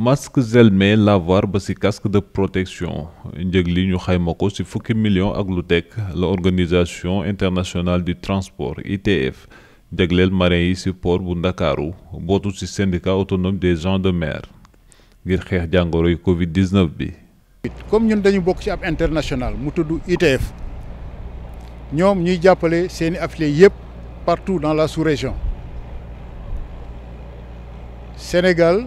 masque Zelme lavoir ba ci casque de protection njëg li ñu xayma ko ci fukki million ak lu tek la internationale du transport ITF deglel marin yi ci port bu ndakaaru botu ci syndicat autonome des gens de mer ngir xex jangoro Covid 19 bi. comme ñun dañu bok ci ab international mu tuddu ITF ñom ñuy jàppale seeni affiliés yépp partout dans la sous-région Sénégal.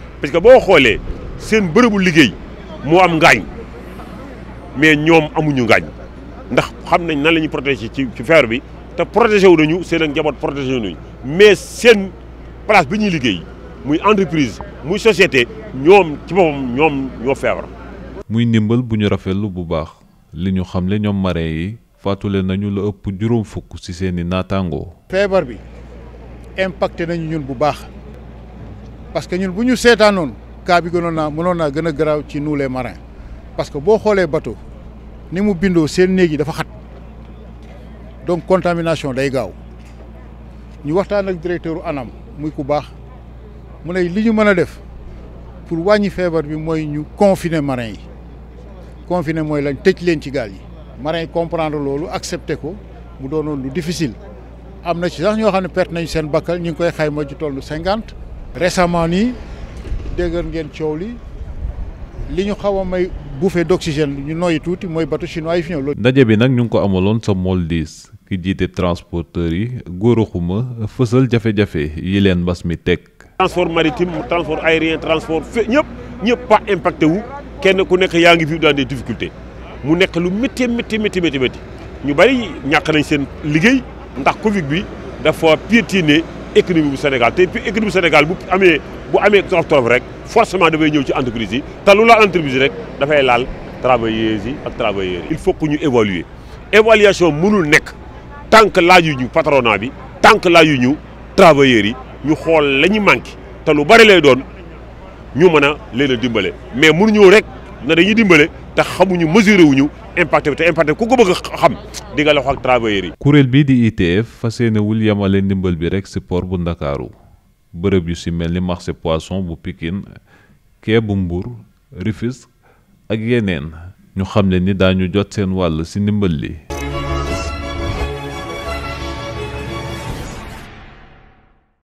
parce que boo xoolee seen bërëbu liggéey moo am ngaañ mais ñoom amuñu ngaañ ndax xam nañ na la ñuy protéger ci ci feer bi te protégé wu nañu seen ak njaboot protégé nañu mais seen place bi ñuy liggéey muy entreprise muy société ñoom ci boppam ñoom ñoo feebar. muy ndimbal bu ñu rafetlu bu baax li ñu xam xamle ñoom marins yi faatule nañu la ëpp juróom fukk ci seeni naataangoo. feebar bi impacté nañu ñun bu baax. parce que ñun bu ñu seetaanoon cas bi gënoon naa mënoon naa gën a ci nous les marins parce que boo les bateau ni mu bindoo seen néeg dafa xat donc contamination day gaaw ñu waxtaan ak directeur ANAM muy ku baax mu ne li ñu mën a def pour wàññi feebar bi mooy ñu confiner marins yi confiner mooy lañ tëj leen ci gaal yi marins comprendre loolu accepter ko mu doonoon lu difficile am na ci sax ñoo xam ne perte nañ seen bakkal ñu ngi koy xayma ci tollu 50 récemment nii déggoon ngeen coow li li ñu xaw a may bouffée d'oxygène ñu nooyi tuuti mooy bateau chinois yi fi ñëw. ndaje bi nag ñu ngi ko amaloon sa Moldis ki jiite transporteur yi góor xuma fësal jafe-jafe yi leen mbas mi teg. transport maritime transport aérien transport fe ñëpp ñëpp pas impacté wu kenn ku nekk yaa ngi fi dans des difficultés mu nekk lu métti métti métti métti métti ñu bari ñàkk nañ seen liggéey ndax Covid bi dafa piétiné. économie du Sénégal te économie du Sénégal bu amee bu amee torof torof rek forcément dafay ñëw ci entreprise yi te lu laal entreprise rek dafay laal travailleurs yi ak travailleurs il faut que ñu évaluer évaluation mënul nekk tant que la union patronat bi tant que la union travailleurs yi ñu les manques. Tant manqué te lu bari lay doon ñu mën a mais mënuñu rek. na dañuy dimbale te xamuñu mesuré wuñu impact bi te impact ko bëgg a xam di kuréel bii di ITF fas yéenewul yemale ndimbal bi rek si bu Ndakaaru bërëb yu si mel ni marché poisson bu pikin quai bu Mbour Rufisque ak yeneen ñu xam ne ni daañu jot seen wàll si ndimbal li.